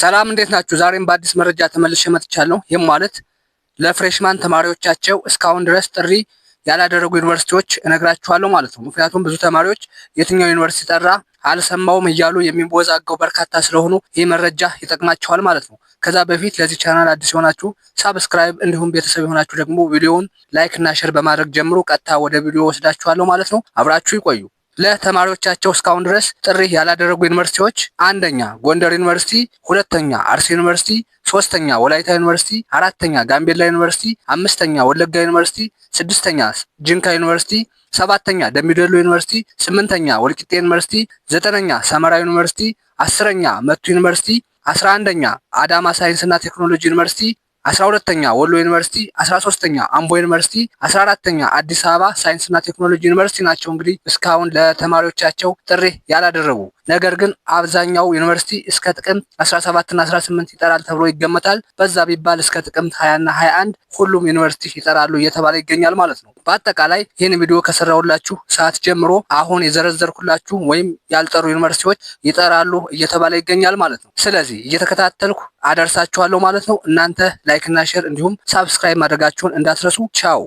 ሰላም እንዴት ናችሁ? ዛሬም በአዲስ መረጃ ተመልሼ መጥቻለሁ። ይህም ማለት ለፍሬሽማን ተማሪዎቻቸው እስካሁን ድረስ ጥሪ ያላደረጉ ዩኒቨርሲቲዎች እነግራችኋለሁ ማለት ነው። ምክንያቱም ብዙ ተማሪዎች የትኛው ዩኒቨርሲቲ ጠራ አልሰማውም እያሉ የሚወዛገው በርካታ ስለሆኑ ይህ መረጃ ይጠቅማችኋል ማለት ነው። ከዛ በፊት ለዚህ ቻናል አዲስ የሆናችሁ ሳብስክራይብ፣ እንዲሁም ቤተሰብ የሆናችሁ ደግሞ ቪዲዮውን ላይክ እና ሼር በማድረግ ጀምሮ ቀጥታ ወደ ቪዲዮ ወስዳችኋለሁ ማለት ነው። አብራችሁ ይቆዩ። ለተማሪዎቻቸው እስካሁን ድረስ ጥሪ ያላደረጉ ዩኒቨርሲቲዎች አንደኛ ጎንደር ዩኒቨርሲቲ፣ ሁለተኛ አርሲ ዩኒቨርሲቲ፣ ሶስተኛ ወላይታ ዩኒቨርሲቲ፣ አራተኛ ጋምቤላ ዩኒቨርሲቲ፣ አምስተኛ ወለጋ ዩኒቨርሲቲ፣ ስድስተኛ ጂንካ ዩኒቨርሲቲ፣ ሰባተኛ ደምቢዶሎ ዩኒቨርሲቲ፣ ስምንተኛ ወልቂጤ ዩኒቨርሲቲ፣ ዘጠነኛ ሰመራ ዩኒቨርሲቲ፣ አስረኛ መቱ ዩኒቨርሲቲ፣ አስራ አንደኛ አዳማ ሳይንስና ቴክኖሎጂ ዩኒቨርሲቲ አስራ ሁለተኛ ወሎ ዩኒቨርሲቲ፣ አስራ ሶስተኛ አምቦ ዩኒቨርሲቲ፣ አስራ አራተኛ አዲስ አበባ ሳይንስና ቴክኖሎጂ ዩኒቨርሲቲ ናቸው። እንግዲህ እስካሁን ለተማሪዎቻቸው ጥሪ ያላደረጉ ነገር ግን አብዛኛው ዩኒቨርሲቲ እስከ ጥቅምት 17ና 18 ይጠራል ተብሎ ይገመታል። በዛ ቢባል እስከ ጥቅምት 20ና 21 ሁሉም ዩኒቨርሲቲ ይጠራሉ እየተባለ ይገኛል ማለት ነው። በአጠቃላይ ይህን ቪዲዮ ከሰራሁላችሁ ሰዓት ጀምሮ አሁን የዘረዘርኩላችሁ ወይም ያልጠሩ ዩኒቨርሲቲዎች ይጠራሉ እየተባለ ይገኛል ማለት ነው። ስለዚህ እየተከታተልኩ አደርሳችኋለሁ ማለት ነው። እናንተ ላይክና ሼር እንዲሁም ሳብስክራይብ ማድረጋችሁን እንዳትረሱ። ቻው